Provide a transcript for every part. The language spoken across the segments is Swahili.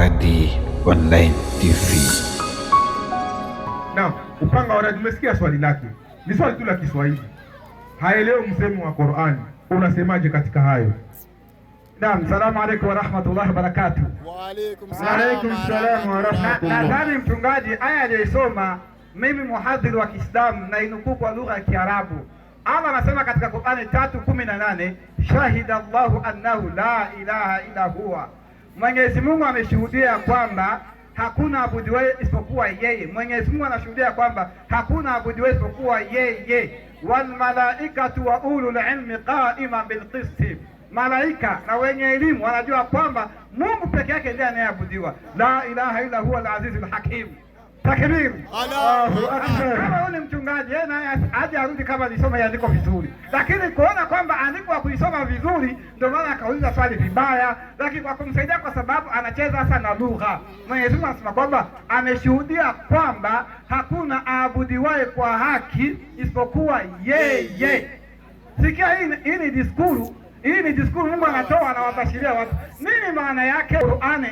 Waradi Online TV. Na upanga wa Waradi, umesikia swali lake, ni swali tu la Kiswahili, haelewi msemo wa Qur'ani unasemaje katika hayo. Naam, salamu alaykum wa rahmatullahi wa barakatuh. Wa alaykum salaam wa rahmatullahi. Nadhani mchungaji, aya aliyoisoma mimi muhadhiri wa Kiislamu na inukuu kwa lugha ya Kiarabu. Allah anasema katika Qur'ani 3:18 shahida Allahu annahu la ilaha illa huwa Mwenyezi Mungu ameshuhudia kwamba hakuna abudu wewe isipokuwa yeye. Mwenyezi Mungu anashuhudia kwamba hakuna abudu wewe isipokuwa yeye. Wal malaikatu wa ulul ilmi qaima bil qisti, malaika na wenye elimu wanajua kwamba Mungu peke yake ndiye anayeabudiwa. La ilaha illa huwa al azizul hakim takrimu. Ah, ah, ah, kama huyu ni mchungaji yeye naye aje arudi kama alisoma andiko vizuri, lakini kuona kwamba andiko akuisoma vizuri, ndio maana akauliza swali vibaya, lakini kwa kumsaidia, kwa sababu anacheza hasa na lugha. Mwenyezi Mungu anasema kwamba ameshuhudia kwamba hakuna aabudiwaye kwa haki isipokuwa yeye. Sikia hii, hii ni diskuru hii ni diskuru Mungu anatoa, anawabashiria watu nini. Maana yake Qur'ani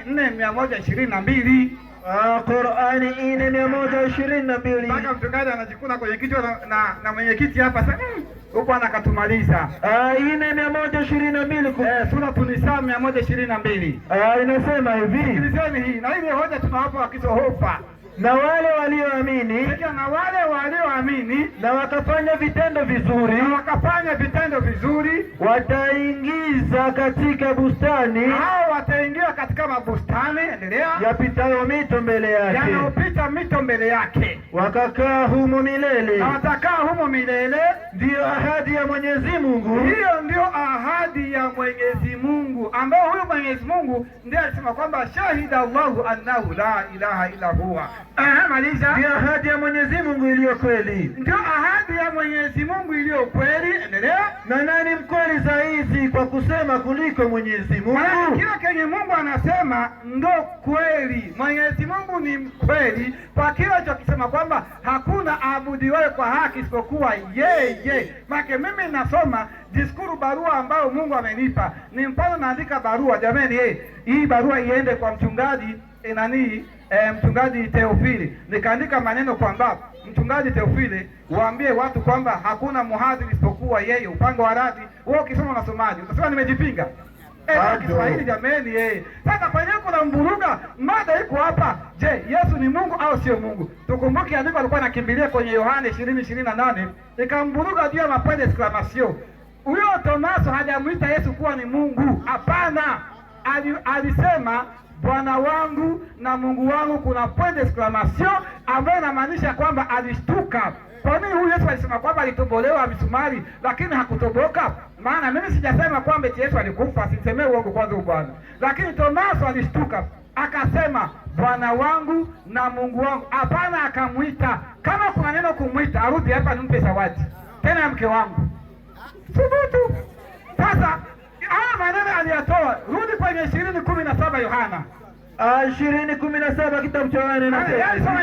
na mbili Ah, Qur'ani ina mia moja ishirini na mbili mpaka mchungaji anajikuna kwenye kichwa na, na, na mwenyekiti hapa sasa eh, huko anakatumaliza ah, ina mia moja ishirini na mbili eh, sura Tunisa mia moja ishirini na mbili ah, inasema hivi, sikilizeni hii na ile hoja tunawapa wakisohofa na wale walioamini na wale walioamini na wakafanya vitendo vizuri na wakafanya vitendo vizuri wataingiza katika bustani hao wataingia katika mabustani Tano, endelea. Yapitayo mito mbele yake, yanayopita mito mbele yake, wakakaa humo milele, watakaa humo milele. Ndiyo ahadi ya Mwenyezi Mungu, hiyo ndiyo ahadi ya Mwenyezi Mungu, ambayo huyu Mwenyezi Mungu ndiye alisema kwamba shahida Allahu annahu la ilaha illa huwa. Aha, maliza. Ndiyo ahadi ya Mwenyezi Mungu iliyo kweli, ndiyo ahadi ya Mwenyezi Mungu iliyo kweli. Endelea. na nani mko saizi kwa kusema kuliko Mwenyezi Mungu. Kila kenye Mungu anasema ndo kweli. Mwenyezi Mungu ni mkweli kwa kile chokisema kwamba hakuna wewe kwa haki isipokuwa yeye. Make mimi nasoma Diskuru barua ambayo Mungu amenipa ni mfano, naandika barua jameni, hey, eh, hii barua iende kwa mchungaji eh, nani, eh, mchungaji Teofili, nikaandika maneno kwamba Mchungaji Teofile, waambie watu kwamba hakuna mhadhiri isipokuwa yeye. Upanga wa radi wewe ukisoma unasomaje? Utasema nimejipinga eh, Kiswahili jameni, yeye eh. sasa kwenyeko na mburuga. Mada iko hapa. Je, Yesu ni Mungu au sio Mungu? Tukumbuke andiko alikuwa anakimbilia kwenye Yohane ishirini ishirini na nane ikamburuga juu ya mapende exclamation. Huyo Tomaso hajamuita Yesu kuwa ni Mungu, hapana. Alisema Bwana wangu na Mungu wangu, kuna point d'exclamation ambayo inamaanisha kwamba alishtuka. Kwa nini huyu Yesu alisema kwamba alitobolewa misumari lakini hakutoboka? Maana mimi sijasema kwamba eti Yesu alikufa, simsemee uongo kwanza bwana. Lakini Tomaso alishtuka akasema, Bwana wangu na Mungu wangu. Hapana, akamwita. Kama kuna neno kumwita, arudi hapa nimpe zawadi tena, mke wangu. Thubutu sasa haya maneno aliyatoa. Rudi kwenye ishirini kumi na saba Yohana ah, ishirini kumi na saba kitabu cha Yohana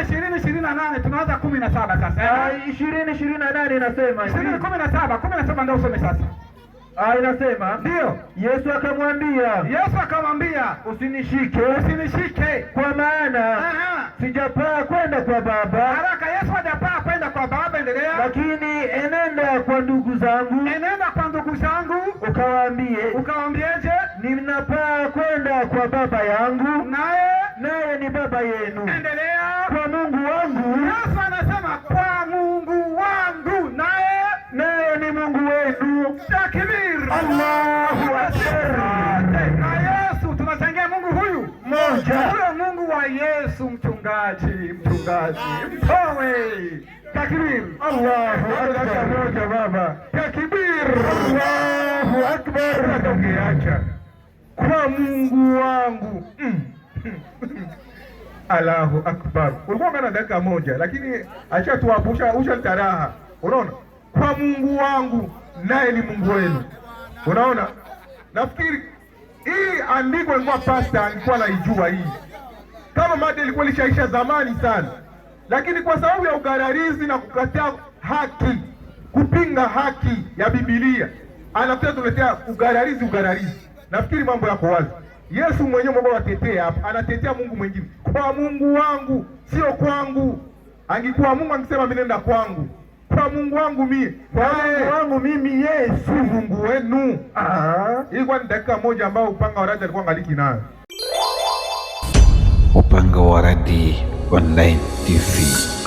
ishirini ishirini na nane tunaanza kumi na saba sasa, ah, ishirini ishirini na nane inasema ishirini kumi na saba kumi na saba ndio usome sasa. Ah, inasema ndio. Yesu akamwambia, Yesu akamwambia, usinishike, usinishike kwa maana sijapaa kwenda kwa Baba. Haraka, Yesu hajapaa kwenda kwa Baba, endelea. Lakini enenda kwa ndugu ukawaambie. Ukawaambiaje? Ninapaa kwenda kwa baba yangu, naye naye ni baba yenu. Endelea. Kwa Mungu wangu. Sasa anasema kwa Mungu wangu, naye naye ni Mungu wenu. Takbir! Allahu akbar! Na Yesu tunachangia Mungu huyu moja, huyo Mungu wa Yesu. Mchungaji, mchungaji mtowe Takbir! Allahu akbar! Moja baba, takbir! Allahu akbar, ungeacha kwa Mungu wangu mm. Allahu akbar, ulikuwa ngana dakika moja, lakini ashatuapusha usha taraha. Unaona, kwa Mungu wangu naye ni Mungu wenu. Unaona, nafikiri hii andiko ilikuwa pasta alikuwa naijua hii, kama mada ilikuwa ilishaisha zamani sana, lakini kwa sababu ya ugararizi na kukataa haki, kupinga haki ya Biblia anakuja tuletea ugararizi, ugararizi. Nafikiri mambo yako wazi. Yesu mwenyewe Mungu watetee hapa, anatetea Mungu mwingine, kwa Mungu wangu sio kwangu. Angekuwa Mungu angesema mimi nenda kwangu, kwa Mungu wangu mimi, kwa Mungu wangu mimi, Yesu Mungu wenu. Ah. Ilikuwa ni dakika moja ambayo upanga wa radi alikuwa ngaliki nayo. Upanga wa Radi Online TV.